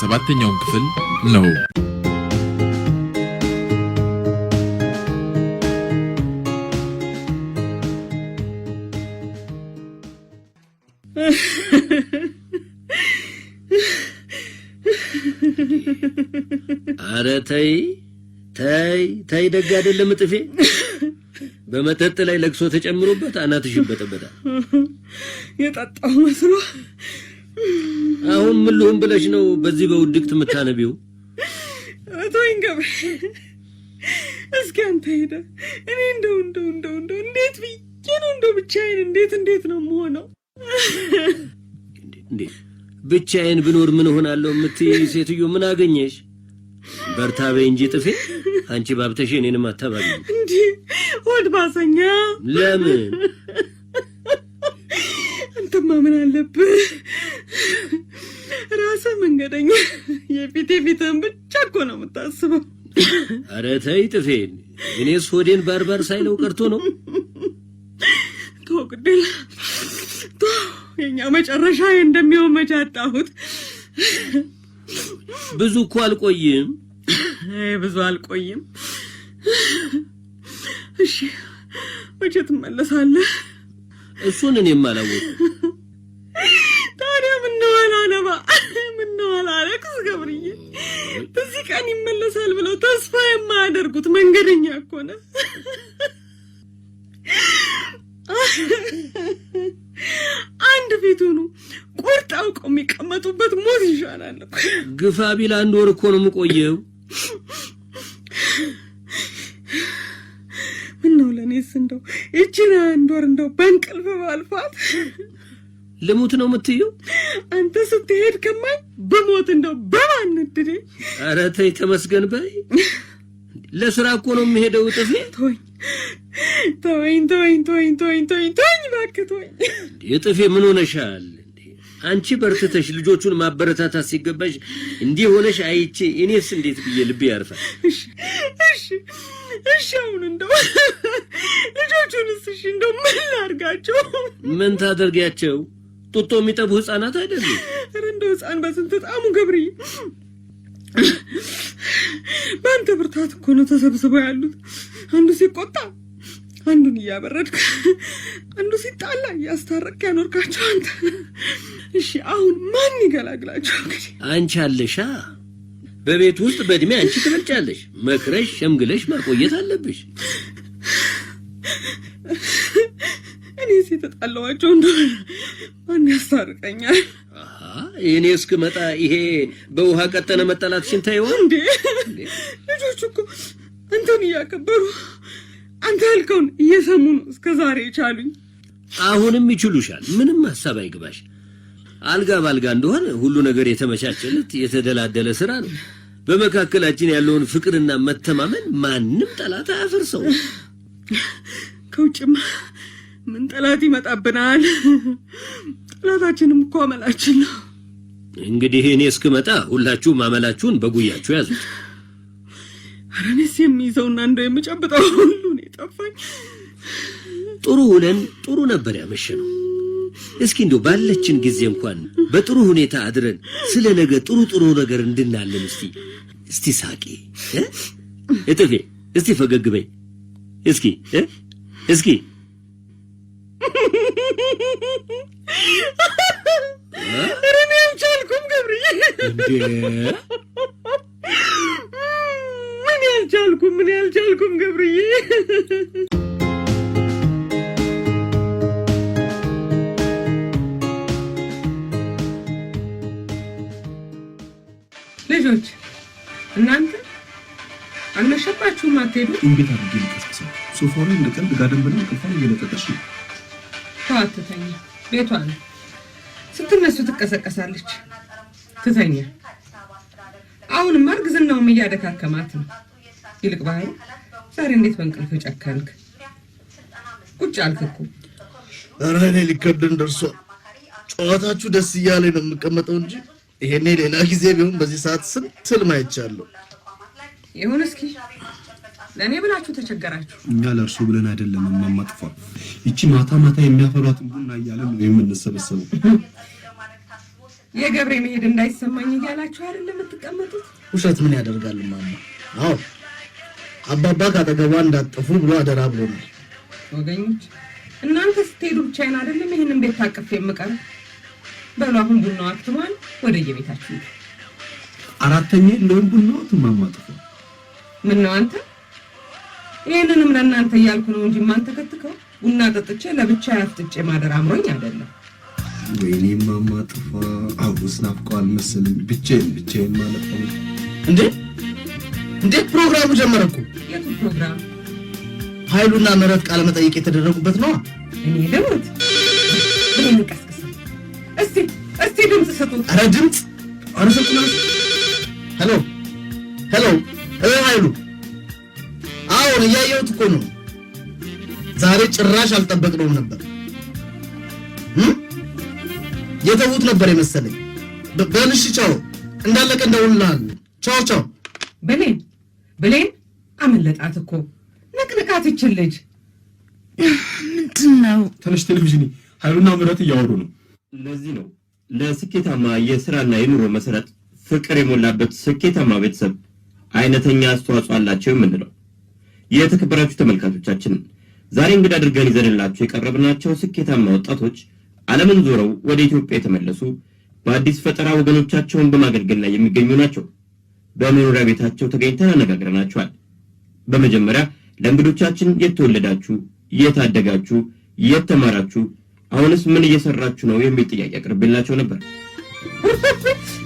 ሰባተኛውን ክፍል ነው። አረ ተይ ተይ ተይ፣ ደግ አይደለም በመጠጥ ላይ ለቅሶ ተጨምሮበት አናትሽ ይበጠበጣል። የጠጣው መስሎ አሁን ምን ልሁን ብለሽ ነው በዚህ በውድቅት የምታነቢው? ተወኝ ገብሬ፣ እስኪ አንተ ሄደ እኔ እንደው እንደው እንደው እንደው እንዴት ብዬ ነው እንደው ብቻዬን እንዴት እንዴት ነው የምሆነው? ብቻዬን ብኖር ምን እሆናለሁ የምትይ ሴትዮ ምን አገኘሽ? በርታ በይ እንጂ ጥፌ። አንቺ ባብተሽ እኔንም አታባቢ እንጂ ሆድ ባሰኛ። ለምን አንተማ ምን አለብህ ራሰ መንገደኛ የፊት የፊትን ብቻ እኮ ነው የምታስበው። ኧረ ተይ ጥፌን፣ እኔ ሶዴን ባርባር ሳይለው ቀርቶ ነው። ተው ቅድል ተው፣ የኛ መጨረሻ እንደሚሆን መቼ አጣሁት። ብዙ እኮ አልቆይም፣ ብዙ አልቆይም። እሺ መቼ ትመለሳለህ? እሱን እኔም አላወኩም። በዚህ ቀን ይመለሳል ብለው ተስፋ የማያደርጉት መንገደኛ እኮ ነው። አንድ ፊቱኑ ቁርጥ አውቀው የሚቀመጡበት ሞት ይሻላል። ግፋ ቢል አንድ ወር እኮ ነው የምቆየው። ምነው ለእኔስ እንደው ይቺን አንድ ወር እንደው በእንቅልፍ ባልፋት ልሙት ነው የምትዩ? አንተ ስትሄድ ከማይ በሞት እንደው በማን እንድኔ? ኧረ ተይ ተመስገን በይ። ለስራ እኮ ነው የሚሄደው ጥፌ ተወኝ ተወኝ ተወኝ ተወኝ ተወኝ ተወኝ ተወኝ እባክህ ተወኝ። የጥፌ ምን ሆነሻል? አንቺ በርትተሽ ልጆቹን ማበረታታት ሲገባሽ እንዲህ ሆነሽ አይቼ እኔስ እንዴት ብዬ ልቤ ያርፋል። እሺ እሺ አሁን እንደው ልጆቹንስ እሺ እንደው ምን ላርጋቸው? ምን ታደርጊያቸው? ጡጦ የሚጠቡ ህፃናት አይደሉም። ኧረ እንደው ህፃን በስንት ጣሙ ገብርዬ፣ በአንተ ብርታት እኮ ነው ተሰብስበው ያሉት። አንዱ ሲቆጣ አንዱን እያበረድክ፣ አንዱ ሲጣላ እያስታረቅ ያኖርካቸው አንተ። እሺ አሁን ማን ይገላግላቸው? እንግዲህ አንቺ አለሻ። በቤት ውስጥ በእድሜ አንቺ ትበልጫለሽ። መክረሽ ሸምግለሽ ማቆየት አለብሽ። እኔስ የተጣላኋቸው እንደሆነ ማን ያስታርቀኛል? እኔ እስክመጣ ይሄ በውሃ ቀጠነ መጠላትሽን ይሆን እንዴ! ልጆች እኮ አንተን እያከበሩ አንተ ያልከውን እየሰሙ ነው እስከ ዛሬ ይቻሉኝ። አሁንም ይችሉሻል። ምንም ሀሳብ አይግባሽ። አልጋ ባልጋ እንደሆነ ሁሉ ነገር የተመቻቸለት የተደላደለ ስራ ነው። በመካከላችን ያለውን ፍቅርና መተማመን ማንም ጠላት አያፈርሰው። ከውጭማ ምን ጠላት ይመጣብናል? ጠላታችንም እኮ አመላችን ነው። እንግዲህ እኔ እስክመጣ ሁላችሁም አመላችሁን በጉያችሁ ያዙት። ኧረ እኔስ የሚይዘውና እንደው የምጨብጠው ሁሉ ነው የጠፋኝ። ጥሩ ውለን ጥሩ ነበር ያመሸ ነው። እስኪ እንዲሁ ባለችን ጊዜ እንኳን በጥሩ ሁኔታ አድረን ስለ ነገ ጥሩ ጥሩ ነገር እንድናለን። እስቲ እስቲ ሳቂ እጥፌ፣ እስቲ ፈገግ በይ እስኪ እስኪ እኔ አልቻልኩም ገብርዬ፣ ምን ያልቻልኩም ምን ያልቻልኩም ገብርዬ ልጆች እናንተ አልመሸባችሁም? አትሄዱ እንዴት አድርጌ ልቀስቅሰው? ሶፋ ላይ እንደ ቀልድ ጋደም ብላ እንቅልፏን እየለቀቀች ነው። ተዋት ትተኛ። ቤቷ ነው ስትነሱ ትቀሰቀሳለች፣ ትተኛ። አሁንማ እርግዝናውም እያደካከማት ነው። ይልቅ ባህሩ ዛሬ እንዴት በእንቅልፍ ጨከንክ? ቁጭ አልክ እኮ። ኧረ እኔ ሊከብድን ደርሷል። ጨዋታችሁ ደስ እያለ ነው የምቀመጠው እንጂ ይሄኔ ሌላ ጊዜ ቢሆን በዚህ ሰዓት ስንት ህልም አይቻለሁ። ይሁን እስኪ ለእኔ ብላችሁ ተቸገራችሁ። እኛ ለእርሱ ብለን አይደለም የማማጥፋ ይቺ ማታ ማታ የሚያፈሏትን ቡና እያለ ነው የምንሰበሰበው። የገብሬ መሄድ እንዳይሰማኝ እያላችሁ አይደል የምትቀመጡት። ውሸት ምን ያደርጋል ማማ። አዎ አባባ ካጠገቧ እንዳጠፉ ብሎ አደራ ብሎ ነው። ወገኞች እናንተ ስትሄዱ ብቻዬን አይደለም ይህንን ቤት ታቅፍ የምቀር በሉ። አሁን ቡናው አክትሟል፣ ወደ የቤታችሁ አራተኛ ለውን ቡናው ትማማጥፋ ምን ነው አንተ ይህንንም ለእናንተ እያልኩ ነው እንጂ የማንተከትከው ቡና ጠጥቼ ለብቻ ያፍጥጬ ማደር አምሮኝ አይደለም። ወይኔ ማማ ጥፋ አጉስ ናፍቀዋል መሰለኝ። ብቻዬን ብቻዬን ማለት ነው እንዴ? እንዴት ፕሮግራሙ ጀመረ እኮ። የቱ ፕሮግራም? ኃይሉና ምህረት ቃለ መጠይቅ የተደረጉበት ነዋ። እኔ ልሙት ቀስቅስ። እስቲ እስቲ ድምፅ ስጡት። አረ ድምፅ ኧረ ስጡት። ሄሎ ሄሎ ኃይሉ ነው እያየሁት እኮ ነው። ዛሬ ጭራሽ አልጠበቅነውም ነበር። የተዉት ነበር የመሰለኝ። በንሽ ቻው፣ እንዳለቀ እንደውልልሃል። ቻው ቻው። ብሌን ብሌን፣ አመለጣት እኮ ንቅንቃት። ይችል ልጅ ምንድን ነው? ትንሽ ቴሌቪዥን ኃይሉና ምረት እያወሩ ነው። ለዚህ ነው ለስኬታማ የስራና የኑሮ መሰረት ፍቅር የሞላበት ስኬታማ ቤተሰብ አይነተኛ አስተዋጽኦ አላቸው የምንለው። የተከበራችሁ ተመልካቾቻችን ዛሬ እንግዳ አድርገን ይዘንላችሁ የቀረብናቸው ስኬታማ ወጣቶች ዓለምን ዞረው ወደ ኢትዮጵያ የተመለሱ በአዲስ ፈጠራ ወገኖቻቸውን በማገልገል ላይ የሚገኙ ናቸው። በመኖሪያ ቤታቸው ተገኝተን አነጋግረናቸዋል። በመጀመሪያ ለእንግዶቻችን የት ተወለዳችሁ፣ የተማራችሁ፣ የት ተማራችሁ፣ አሁንስ ምን እየሰራችሁ ነው የሚል ጥያቄ አቅርቤላቸው ነበር።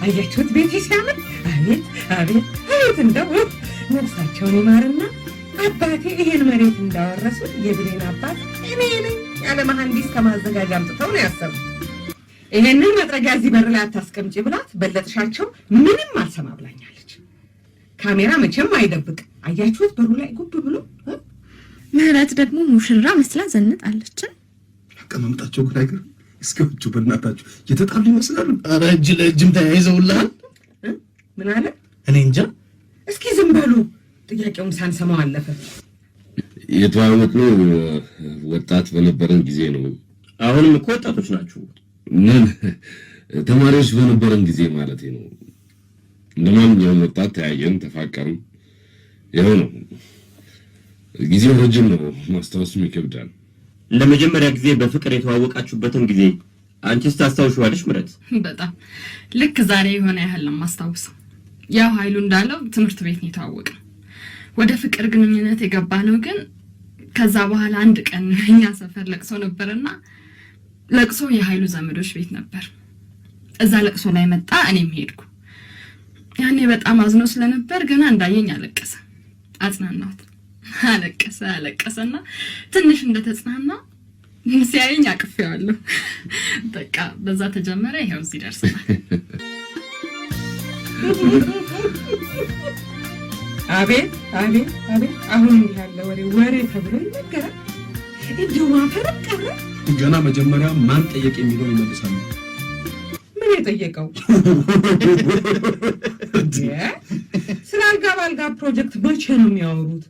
አያችሁት ቤት ሲያምር! አቤት አቤት አቤት! እንደው ነፍሳቸውን ይማርና አባቴ ይሄን መሬት እንዳወረሱ የብሌን አባት እኔ ነኝ ያለ መሐንዲስ ከማዘጋጃ አምጥተው ነው ያሰሩት። ይሄንን መጥረጊያ እዚህ በር ላይ አታስቀምጪ ብላት በለጥሻቸው ምንም አልሰማ ብላኛለች። ካሜራ መቼም አይደብቅ። አያችሁት በሩ ላይ ጉብ ብሎ ምህረት ደግሞ ሙሽራ መስላ ዘንጣለችን። አቀማምጣቸው ግን አይገርም። እስከ ውጭ በእናታችሁ የተጣሉ ይመስላሉ። አረ እጅ ለእጅም ተያይዘውልሃል። ምን አለ እኔ እንጃ። እስኪ ዝም በሉ ጥያቄውም ሳንሰማው አለፈ። ነው ወጣት በነበረን ጊዜ ነው። አሁንም እኮ ወጣቶች ናችሁ። ምን ተማሪዎች በነበረን ጊዜ ማለት ነው። እንደማንኛውም ወጣት ተያየን፣ ተፋቀርን። ይኸው ነው። ጊዜው ረጅም ነው፣ ማስታወስም ይከብዳል። ለመጀመሪያ ጊዜ በፍቅር የተዋወቃችሁበትን ጊዜ አንቺስ ታስታውሽዋለሽ? ምረት በጣም ልክ ዛሬ የሆነ ያህል ነው የማስታውሰው። ያው ኃይሉ እንዳለው ትምህርት ቤት ነው የተዋወቅነው ወደ ፍቅር ግንኙነት የገባ ነው። ግን ከዛ በኋላ አንድ ቀን እኛ ሰፈር ለቅሶ ነበርና ለቅሶ የሀይሉ ዘመዶች ቤት ነበር። እዛ ለቅሶ ላይ መጣ፣ እኔም ሄድኩ። ያኔ በጣም አዝኖ ስለነበር ገና እንዳየኝ አለቀሰ። አጽናናት። አለቀሰ አለቀሰና ትንሽ እንደተጽናና ሲያየኝ አቅፌዋለሁ። በቃ በዛ ተጀመረ። ይኸው እዚህ ደርሰናል። አቤት አቤት አቤት! አሁን ያለ ወሬ ወሬ ተብሎ ይነገራል። እንዲሁ ማፈረቅ ቀረ። ገና መጀመሪያ ማን ጠየቅ የሚለው ይመልሳል ምን የጠየቀው ስለ አልጋ በአልጋ ፕሮጀክት መቼ ነው የሚያወሩት?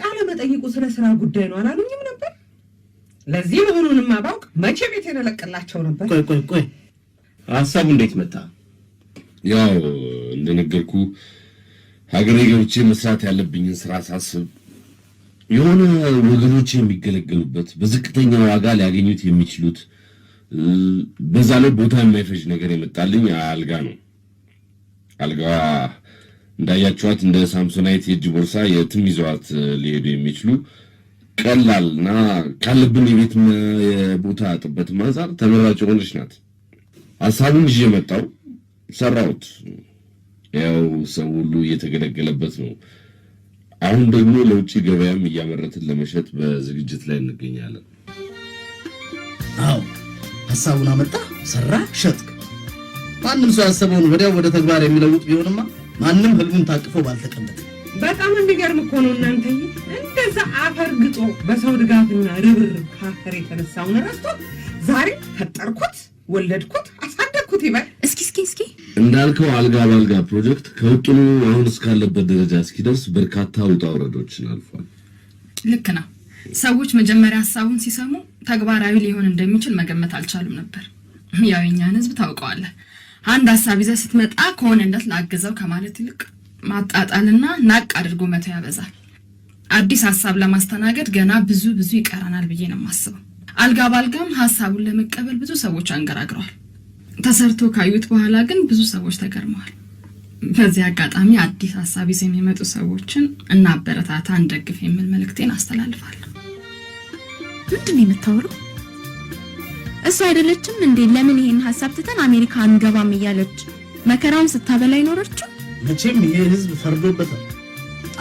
ቃለ መጠይቁ ስለ ስራ ጉዳይ ነው አላሉኝም ነበር? ለዚህ መሆኑንማ ባውቅ መቼ ቤት የለለቅላቸው ነበር። ቆይ ቆይ ቆይ፣ ሀሳቡ እንዴት መጣ? ያው እንደነገርኩ ሀገሬ ገብቼ መስራት ያለብኝን ስራ ሳስብ የሆነ ወገኖች የሚገለገሉበት በዝቅተኛ ዋጋ ሊያገኙት የሚችሉት በዛ ላይ ቦታ የማይፈጅ ነገር የመጣልኝ አልጋ ነው። አልጋዋ እንዳያቸዋት እንደ ሳምሶናይት የእጅ ቦርሳ የትም ይዘዋት ሊሄዱ የሚችሉ ቀላል እና ካለብን የቤት የቦታ ጥበት አንጻር ተመራጭ ሆነች ናት። ሀሳብን ይዤ መጣሁ፣ ሰራሁት። ሰው ሁሉ እየተገለገለበት ነው። አሁን ደግሞ ለውጭ ገበያም እያመረትን ለመሸጥ በዝግጅት ላይ እንገኛለን። አዎ ሀሳቡን አመጣ፣ ሰራ፣ ሸጥክ። ማንም ሰው ያሰበውን ወዲያው ወደ ተግባር የሚለውጥ ቢሆንማ ማንም ህልሙን ታቅፎ ባልተቀመጠ። በጣም የሚገርም እኮ ነው እናንተ። እንደዛ አፈርግጦ በሰው ድጋፍና ርብር ካፈር የተነሳውን ረስቶት ዛሬ ፈጠርኩት፣ ወለድኩት፣ እስኪ እስኪ እስኪ እንዳልከው አልጋ በአልጋ ፕሮጀክት ከውጥኑ አሁን እስካለበት ደረጃ እስኪደርስ በርካታ ውጣ ውረዶችን አልፏል። ልክ ነው። ሰዎች መጀመሪያ ሀሳቡን ሲሰሙ ተግባራዊ ሊሆን እንደሚችል መገመት አልቻሉም ነበር። ያው የኛን ህዝብ ታውቀዋለህ። አንድ ሀሳብ ይዘህ ስትመጣ ከሆነለት ላግዘው ከማለት ይልቅ ማጣጣልና ናቅ አድርጎ መቶ ያበዛል። አዲስ ሀሳብ ለማስተናገድ ገና ብዙ ብዙ ይቀረናል ብዬ ነው የማስበው። አልጋ ባልጋም ሀሳቡን ለመቀበል ብዙ ሰዎች አንገራግረዋል። ተሰርቶ ካዩት በኋላ ግን ብዙ ሰዎች ተገርመዋል። በዚህ አጋጣሚ አዲስ ሀሳብ ይዘው የሚመጡ ሰዎችን እናበረታታ፣ እንደግፍ የሚል መልእክቴን አስተላልፋለሁ። ምንድን ነው የምታወራው? እሱ አይደለችም እንዴ ለምን ይሄን ሀሳብ ትተን አሜሪካ አንገባም እያለች መከራውን ስታበላ ይኖረችው። መቼም ይሄ ህዝብ ፈርዶበታል።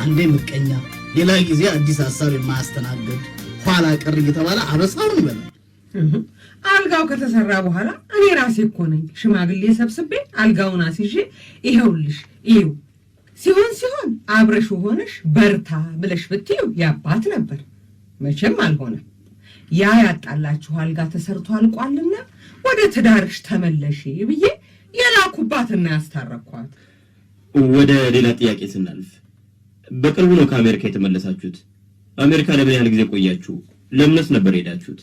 አንዴ ምቀኛ፣ ሌላ ጊዜ አዲስ ሀሳብ የማያስተናግድ ኋላ ቀር እየተባለ አበሳውን ይበላል። አልጋው ከተሰራ በኋላ እኔ ራሴ እኮ ነኝ ሽማግሌ ሰብስቤ አልጋውን አስይዤ ይኸውልሽ ይው ሲሆን ሲሆን አብረሽ ሆነሽ በርታ ብለሽ ብትዩ ያባት ነበር። መቼም አልሆነም። ያ ያጣላችሁ አልጋ ተሰርቶ አልቋልና ወደ ትዳርሽ ተመለሺ ብዬ የላኩባትና ያስታረኳት። ወደ ሌላ ጥያቄ ስናልፍ በቅርቡ ነው ከአሜሪካ የተመለሳችሁት። አሜሪካ ለምን ያህል ጊዜ ቆያችሁ? ለምንስ ነበር ሄዳችሁት?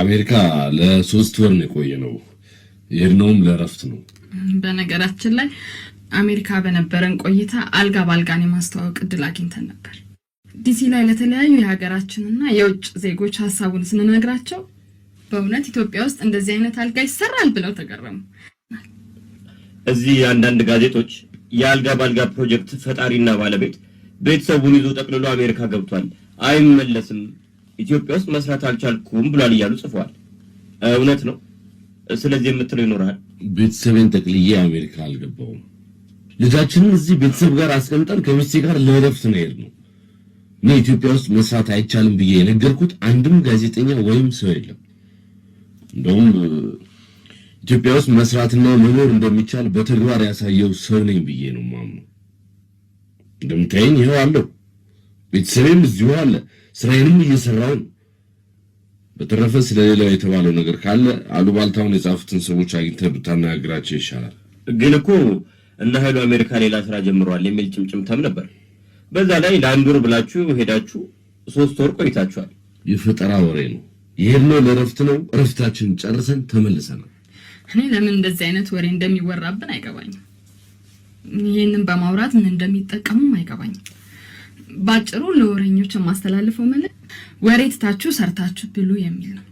አሜሪካ ለሶስት ወር ነው የቆየ ነው የሄድነውም ለእረፍት ነው። በነገራችን ላይ አሜሪካ በነበረን ቆይታ አልጋ በአልጋን የማስተዋወቅ እድል አግኝተን ነበር። ዲሲ ላይ ለተለያዩ የሀገራችንና የውጭ ዜጎች ሀሳቡን ስንነግራቸው በእውነት ኢትዮጵያ ውስጥ እንደዚህ አይነት አልጋ ይሰራል ብለው ተገረሙ። እዚህ አንዳንድ ጋዜጦች የአልጋ በአልጋ ፕሮጀክት ፈጣሪና ባለቤት ቤተሰቡን ይዞ ጠቅልሎ አሜሪካ ገብቷል፣ አይመለስም ኢትዮጵያ ውስጥ መስራት አልቻልኩም ብሏል እያሉ ጽፏል። እውነት ነው። ስለዚህ የምትለው ይኖራል። ቤተሰቤን ጠቅልዬ አሜሪካ አልገባውም። ልጃችንን እዚህ ቤተሰብ ጋር አስቀምጠን ከሚስቴ ጋር ለረፍት ነው የሄድነው። እኔ ኢትዮጵያ ውስጥ መስራት አይቻልም ብዬ የነገርኩት አንድም ጋዜጠኛ ወይም ሰው የለም። እንደውም ኢትዮጵያ ውስጥ መስራትና መኖር እንደሚቻል በተግባር ያሳየው ሰው ነኝ ብዬ ነው ማምነው። እንደምታየኝ ይኸው አለው። ቤተሰቤም እዚሁ አለ። ስራዬንም እየሰራው ነው። በተረፈ ስለሌላ የተባለው ነገር ካለ አሉባልታውን የጻፉትን ሰዎች አግኝተህ ብታነጋግራቸው ይሻላል። ግን እኮ እነ ኃይሉ አሜሪካ ሌላ ስራ ጀምረዋል የሚል ጭምጭምታም ነበር። በዛ ላይ ለአንድ ወር ብላችሁ ሄዳችሁ ሶስት ወር ቆይታችኋል። የፈጠራ ወሬ ነው። የሄድነው ለእረፍት ነው። እረፍታችን ጨርሰን ተመልሰናል። እኔ ለምን እንደዚህ አይነት ወሬ እንደሚወራብን አይገባኝም። ይህንን በማውራት ምን እንደሚጠቀሙም አይገባኝም። ባጭሩ ለወሬኞች የማስተላልፈው መልእክት ወሬ ትታችሁ ሰርታችሁ ብሉ የሚል ነው።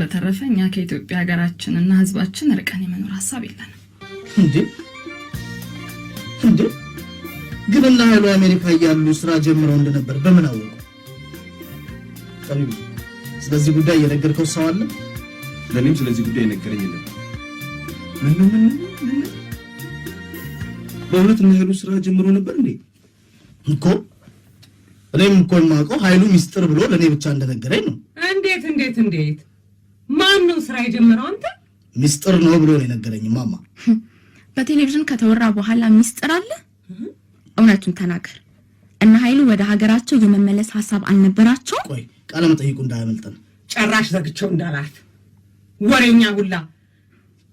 በተረፈ እኛ ከኢትዮጵያ ሀገራችን እና ህዝባችን እርቀን የመኖር ሀሳብ የለንም። እንዴ እንዴ! ግብና ኃይሉ አሜሪካ እያሉ ስራ ጀምረው እንደነበር በምን አወቁ? ስለዚህ ጉዳይ እየነገርከው ሰው አለ? ለእኔም ስለዚህ ጉዳይ የነገረኝ የለም። ምን በእውነት እና ኃይሉ ስራ ጀምሮ ነበር እንዴ እኮ እኔም እኮ የማውቀው ኃይሉ ሚስጥር ብሎ ለእኔ ብቻ እንደነገረኝ ነው። እንዴት እንዴት እንዴት? ማን ነው ስራ የጀመረው? አንተ ሚስጥር ነው ብሎ ነው የነገረኝ። ማማ በቴሌቪዥን ከተወራ በኋላ ሚስጥር አለ? እውነቱን ተናገር እና ኃይሉ ወደ ሀገራቸው የመመለስ ሀሳብ አልነበራቸው? ቆይ ቃለ መጠይቁ እንዳያመልጠን ጨራሽ ዘግቸው እንዳላት ወሬኛ ሁላ።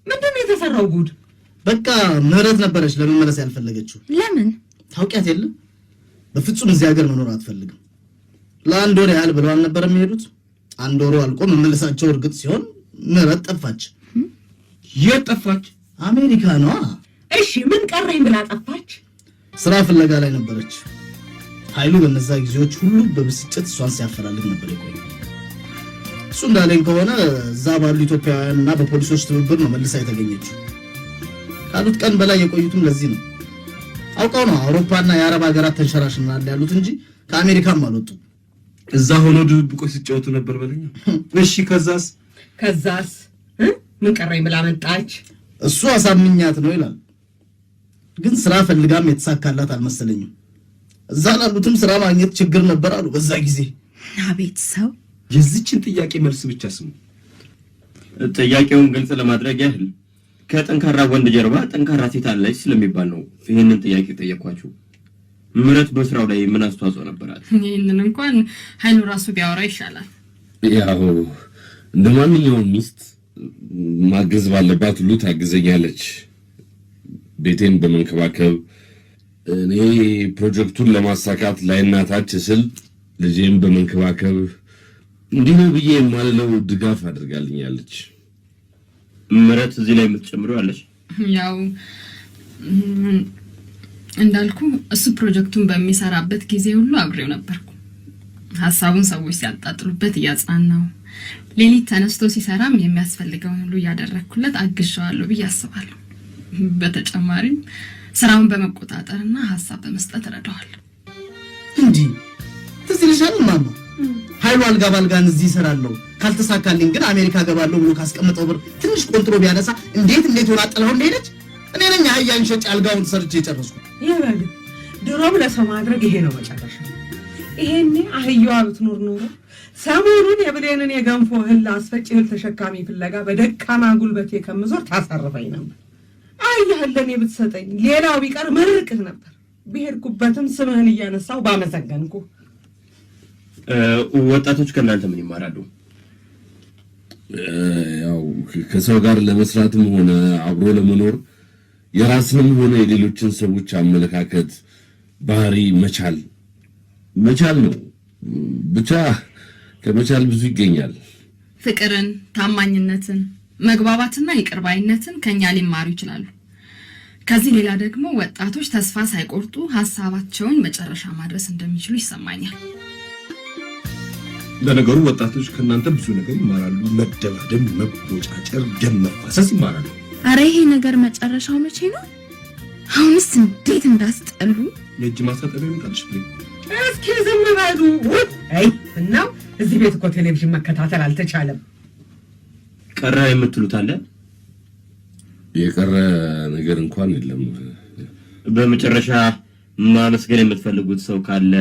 ምንድን የተሰራው ጉድ? በቃ ምህረት ነበረች ለመመለስ ያልፈለገችው። ለምን ታውቂያት የለም በፍጹም እዚህ ሀገር መኖር አትፈልግም። ለአንድ ወር ያህል ብለው አልነበረ የሚሄዱት። አንድ ወሩ አልቆ መመለሳቸው እርግጥ ሲሆን ምህረት ጠፋች። የት ጠፋች? አሜሪካ ነዋ። እሺ ምን ቀረኝ ብላ ጠፋች? ስራ ፍለጋ ላይ ነበረች። ኃይሉ በነዛ ጊዜዎች ሁሉ በብስጭት እሷን ሲያፈላልግ ነበር የቆየ። እሱ እንዳለኝ ከሆነ እዛ ባሉ ኢትዮጵያውያን እና በፖሊሶች ትብብር ነው መልሳ የተገኘችው። ካሉት ቀን በላይ የቆዩትም ለዚህ ነው። አውቀው ነው አውሮፓና የአረብ ሀገራት ተንሸራሽናል ያሉት እንጂ ከአሜሪካም አልወጡ። እዛ ሆኖ ድብቆች ሲጫወቱ ነበር በለኛ። እሺ ከዛስ ከዛስ ምን ቀረኝ ብላ መጣች። እሱ አሳምኛት ነው ይላል። ግን ስራ ፈልጋም የተሳካላት አልመሰለኝም። እዛ ላሉትም ስራ ማግኘት ችግር ነበር አሉ በዛ ጊዜ። አቤት ሰው! የዚችን ጥያቄ መልስ ብቻ ስሙ። ጥያቄውን ግልጽ ለማድረግ ያህል ከጠንካራ ወንድ ጀርባ ጠንካራ ሴት አለች ስለሚባል ነው ይህንን ጥያቄ ጠየኳችሁ። ምረት በስራው ላይ ምን አስተዋጽኦ ነበራት? ይህንን እንኳን ኃይሉ ራሱ ቢያወራ ይሻላል። ያው እንደ ማንኛውም ሚስት ማገዝ ባለባት ሁሉ ታግዘኛለች። ቤቴን በመንከባከብ እኔ ፕሮጀክቱን ለማሳካት ላይናታች ስል ልጄም በመንከባከብ እንዲህ ነው ብዬ የማልለው ድጋፍ አድርጋልኛለች። ምረት እዚህ ላይ የምትጨምሩ አለች። ያው እንዳልኩ እሱ ፕሮጀክቱን በሚሰራበት ጊዜ ሁሉ አብሬው ነበርኩ። ሀሳቡን ሰዎች ሲያጣጥሉበት እያጽናናው፣ ሌሊት ተነስቶ ሲሰራም የሚያስፈልገውን ሁሉ እያደረግኩለት አግዣዋለሁ ብዬ አስባለሁ። በተጨማሪም ስራውን በመቆጣጠርና ሀሳብ በመስጠት እረዳዋለሁ። እንዲህ ትዝ ይልሻል ማማ ኃይሉ አልጋ ባልጋን እዚህ ይሰራለሁ፣ ካልተሳካልኝ ግን አሜሪካ ገባለሁ ብሎ ካስቀመጠው ብር ትንሽ ቆንጥሮ ቢያነሳ እንዴት እንዴት ሆና ጥለው እንደሄደች እኔ ነኝ አህያን ሸጭ አልጋውን ሰርቼ የጨረስኩ። ድሮም ለሰው ማድረግ ይሄ ነው መጨረሻ። ይሄኔ አህያዋ ብትኖር ኖሮ ሰሞኑን የብሌንን የገንፎ እህል አስፈጭ እህል ተሸካሚ ፍለጋ በደካማ ጉልበቴ ከምዞር ታሳርፈኝ ነበር። አህያህን ለእኔ ብትሰጠኝ ሌላው ቢቀር መርቅህ ነበር። ብሄድኩበትም ስምህን እያነሳው ባመሰገንኩ ወጣቶች ከእናንተ ምን ይማራሉ? ያው ከሰው ጋር ለመስራትም ሆነ አብሮ ለመኖር የራስንም ሆነ የሌሎችን ሰዎች አመለካከት፣ ባህሪ መቻል መቻል ነው። ብቻ ከመቻል ብዙ ይገኛል። ፍቅርን፣ ታማኝነትን፣ መግባባትና የቅርባይነትን ከኛ ሊማሩ ይችላሉ። ከዚህ ሌላ ደግሞ ወጣቶች ተስፋ ሳይቆርጡ ሀሳባቸውን መጨረሻ ማድረስ እንደሚችሉ ይሰማኛል። ለነገሩ ወጣቶች ከእናንተ ብዙ ነገር ይማራሉ። መደባደብ፣ መቦጫጨር፣ ደም መፋሰስ ይማራሉ። አረ ይሄ ነገር መጨረሻው መቼ ነው? አሁንስ እንዴት እንዳስጠሉ። የእጅ ማሳጠቢያ ይመጣልሽ። እስኪ ዝም በሉ። አይ እናው እዚህ ቤት እኮ ቴሌቪዥን መከታተል አልተቻለም። ቀረ የምትሉት አለ? የቀረ ነገር እንኳን የለም። በመጨረሻ ማመስገን የምትፈልጉት ሰው ካለ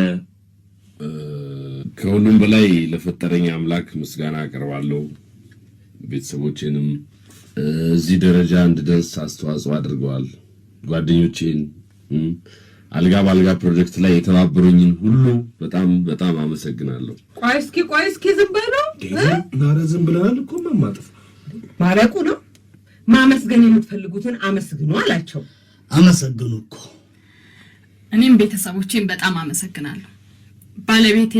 ከሁሉም በላይ ለፈጠረኝ አምላክ ምስጋና አቀርባለሁ። ቤተሰቦቼንም እዚህ ደረጃ እንድደርስ አስተዋጽኦ አድርገዋል። ጓደኞቼን አልጋ በአልጋ ፕሮጀክት ላይ የተባበሩኝን ሁሉ በጣም በጣም አመሰግናለሁ። ቆይ እስኪ ቆይ እስኪ ዝም በይ ናረ ዝም ብለናል እኮ መማጠፍ ማለቁ ነው። ማመስገን የምትፈልጉትን አመስግኑ አላቸው። አመሰግኑ እኮ እኔም ቤተሰቦቼን በጣም አመሰግናለሁ። ባለቤቴ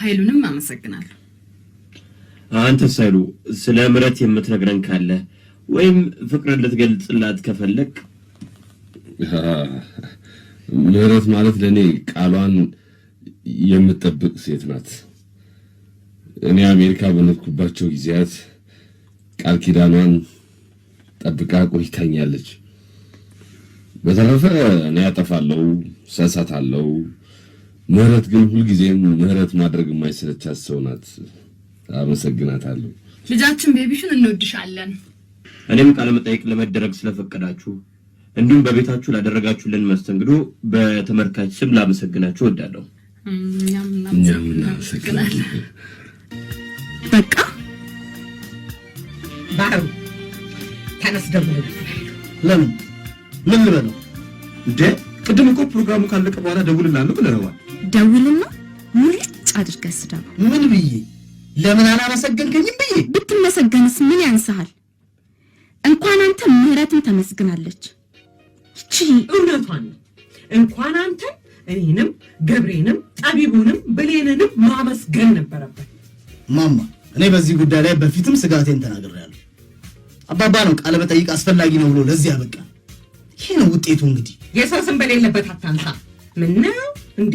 ኃይሉንም አመሰግናለሁ። አንተ ሳይሉ ስለ ምረት የምትነግረን ካለ ወይም ፍቅርን ልትገልጽላት ከፈለግ ምረት ማለት ለእኔ ቃሏን የምጠብቅ ሴት ናት። እኔ አሜሪካ በነኩባቸው ጊዜያት ቃል ኪዳኗን ጠብቃ ቆይታኛለች። በተረፈ እኔ ያጠፋለው፣ ሰሳት አለው ምህረት ግን ሁልጊዜም ምህረት ማድረግ የማይሰለቻት ሰው ናት። አመሰግናታለሁ። ልጃችን ቤቢሽን እንወድሻለን። እኔም ቃለ መጠይቅ ለመደረግ ስለፈቀዳችሁ እንዲሁም በቤታችሁ ላደረጋችሁልን መስተንግዶ በተመልካች ስም ላመሰግናችሁ እወዳለሁ። እኛም እናመሰግናለን። በቃ ባህሩ ተነስ። ደውል። ለምን ምን ልበለው እንዴ? ቅድም እኮ ፕሮግራሙ ካለቀ በኋላ ደውልላለሁ ብለዋል። ደውልና ሙልጭ አድርገ ስደው። ምን ብዬ ለምን አላመሰገንከኝም ብዬ? ብትመሰገንስ ምን ያንስሃል? እንኳን አንተ ምህረትን ተመስግናለች። ይቺ እውነቷን እንኳን አንተ እኔንም ገብሬንም ጠቢቡንም ብሌንንም ማመስገን ነበረበት። ማማ እኔ በዚህ ጉዳይ ላይ በፊትም ስጋቴን ተናግሬያለሁ። አባባ ነው ቃለ መጠይቅ አስፈላጊ ነው ብሎ ለዚህ ያበቃ። ይሄ ነው ውጤቱ። እንግዲህ የሰው ስም በሌለበት አታንሳ። ምነው እንዴ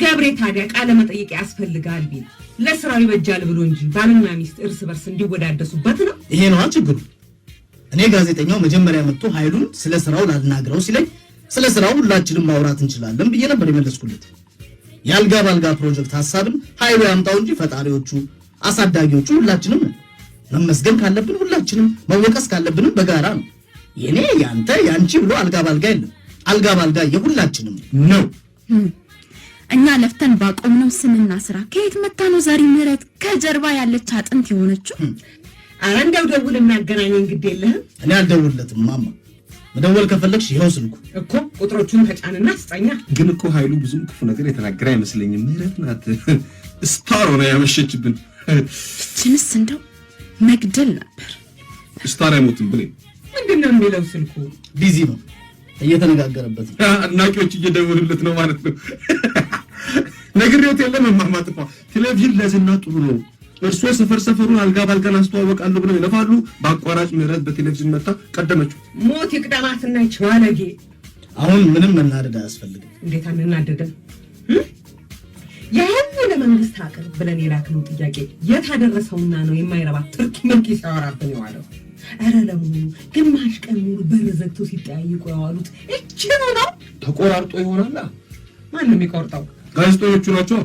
ገብሬ ታዲያ ቃለ መጠየቅ ያስፈልጋል ቢል ለስራው ይበጃል ብሎ እንጂ ባልና ሚስት እርስ በርስ እንዲወዳደሱበት ነው። ይሄ ነዋ ችግሩ። እኔ ጋዜጠኛው መጀመሪያ መጥቶ ኃይሉን ስለ ስራው ላልናግረው ሲለኝ ስለ ስራው ሁላችንም ማውራት እንችላለን ብዬ ነበር የመለስኩለት። የአልጋ ባልጋ ፕሮጀክት ሀሳብን ኃይሉ ያምጣው እንጂ ፈጣሪዎቹ አሳዳጊዎቹ ሁላችንም ነው። መመስገን ካለብን ሁላችንም፣ መወቀስ ካለብንም በጋራ ነው። የኔ ያንተ ያንቺ ብሎ አልጋ ባልጋ የለም። አልጋ ባልጋ የሁላችንም ነው። እኛ ለፍተን ባቆምነው ስንና ስራ ከየት መታ ነው ዛሬ ምህረት ከጀርባ ያለች አጥንት የሆነችው? አረ እንደው ደውል የሚያገናኘኝ ግድ የለህም። እኔ አልደውልለትም ማማ። መደወል ከፈለግሽ ይኸው ስልኩ እኮ ቁጥሮቹን ከጫንና ስጠኛ። ግን እኮ ኃይሉ ብዙም ክፉ ነገር የተናገረ አይመስለኝም። ምህረት ናት ስታር ሆነ ያመሸችብን። እችንስ እንደው መግደል ነበር። ስታር አይሞትም ብሌ። ምንድን ነው የሚለው ስልኩ? ቢዚ ነው እየተነጋገረበት። ነው። አድናቂዎች እየደወሉለት ነው ማለት ነው። ነግሬዎት የለም መማማጥ እኮ ቴሌቪዥን ለዝና ጥሩ ነው። እርሶ ሰፈር ሰፈሩን አልጋ ባልጋን አስተዋወቃለሁ ብለው ይለፋሉ። በአቋራጭ ምህረት በቴሌቪዥን መታ ቀደመችው። ሞት ይቅደማትና ይችዋለጌ። አሁን ምንም መናደድ አያስፈልግም። እንዴት አንናደድም? ያህን ለመንግስት አቅርብ ብለን የላክነው ጥያቄ የታደረሰውና ነው የማይረባ ትርኪ ምርኪ ሲያወራብን የዋለው። ኧረ ለመሆኑ ግማሽ ቀን ሙሉ በር ዘግተው ሲጠያይቁ የዋሉት እችኑ ነው። ተቆራርጦ ይሆናላ። ማን ነው የሚቆርጠው? ጋዜጠኞቹ ናቸው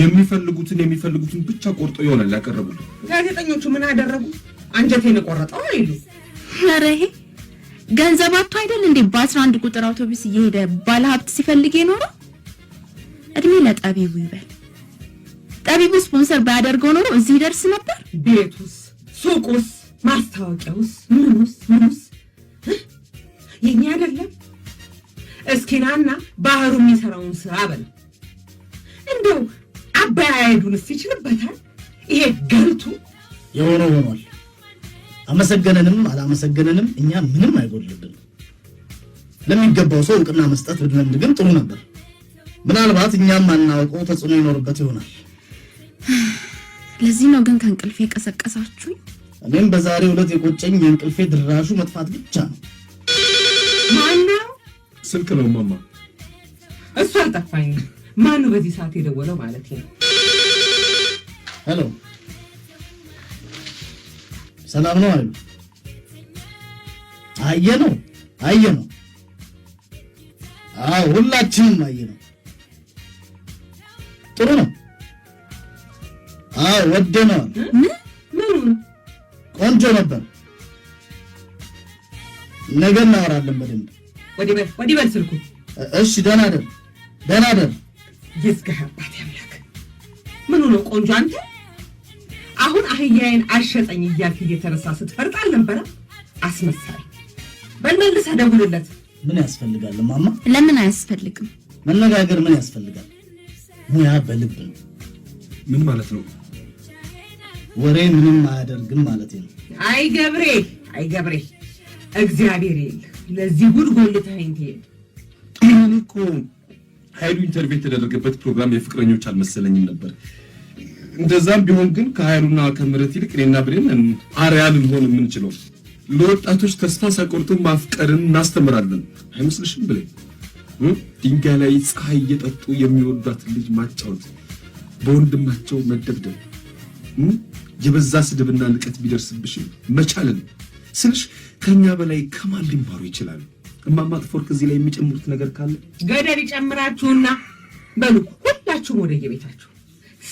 የሚፈልጉትን የሚፈልጉትን ብቻ ቆርጦ ይሆናል ያቀረቡት። ጋዜጠኞቹ ምን አደረጉ? አንጀቴን ቆረጠው አይሉ። ኧረ ገንዘብ አጥቶ አይደል እንዴ በአስራ አንድ ቁጥር አውቶቡስ እየሄደ ባለሀብት ሲፈልግ የኖረው። እድሜ ለጠቢቡ ይበል። ጠቢቡ ስፖንሰር ባያደርገው ኖሮ እዚህ ይደርስ ነበር። ቤቱስ፣ ሱቁስ፣ ማስታወቂያውስ፣ ምኑስ ምኑስ የኛ አይደለም። እስኪናና ባህሩ የሚሰራውን ስራ በለው እንደው አበያየዱንስ ይችልበታል። ይሄ ገልቱ የሆነ ሆኗል። አመሰገነንም አላመሰገነንም እኛ ምንም አይጎድልብንም። ለሚገባው ሰው እውቅና መስጠት ብንለምድ ግን ጥሩ ነበር። ምናልባት እኛም አናውቀው ተጽዕኖ ይኖርበት ይሆናል። ለዚህ ነው ግን ከእንቅልፌ የቀሰቀሳችሁኝ። እኔም በዛሬ ዕለት የቆጨኝ የእንቅልፌ ድራሹ መጥፋት ብቻ ነው። ማነው? ስልክ ነው ማማ። እሱ አልጠፋኝም ማን በዚህ ሰዓት የደወለው ማለት ነው? ሄሎ፣ ሰላም ነው አሉ። አየ ነው አየ ነው። አዎ ሁላችንም አየ ነው። ጥሩ ነው። አዎ ወደ ነው ቆንጆ ነበር። ነገ እናወራለን በደንብ። ወዲህ በል ስልኩ። እሺ፣ ደህና ደር፣ ደህና ደር ይዝጋህባት ያምላክ። ምን ነው ቆንጆ አንተ አሁን አህያዬን አሸጠኝ እያልክ እየተነሳ ስትፈርጥ አልነበረ? አስመሳይ በልመልስ አደውልለት። ምን ያስፈልጋል ማማ? ለምን አያስፈልግም? መነጋገር ምን ያስፈልጋል? ሙያ በልብ ነው። ምን ማለት ነው? ወሬ ምንም አያደርግም ማለት ነው። አይ ገብሬ፣ አይ ገብሬ፣ እግዚአብሔር የለ ለዚህ ጉድ ጎልተኸኝ ትሄድ እኮ ኃይሉ ኢንተርቪው የተደረገበት ፕሮግራም የፍቅረኞች አልመሰለኝም ነበር። እንደዛም ቢሆን ግን ከኃይሉና ከምረት ይልቅ እኔና ብሬን አርያ ልንሆን የምንችለው ለወጣቶች ተስፋ ሳይቆርጡ ማፍቀርን እናስተምራለን አይመስልሽም? ብለ ድንጋይ ላይ ፀሐይ እየጠጡ የሚወዷትን ልጅ ማጫወት፣ በወንድማቸው መደብደብ፣ የበዛ ስድብና ንቀት ቢደርስብሽ መቻልን ስልሽ ከእኛ በላይ ከማን ሊማሩ ይችላሉ? እማማ ትፈወርቅ እዚህ ላይ የሚጨምሩት ነገር ካለ ገደል ይጨምራችሁና በሉ ሁላችሁም ወደ የቤታችሁ።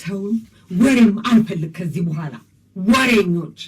ሰውም ወሬም አልፈልግ ከዚህ በኋላ ወሬኞች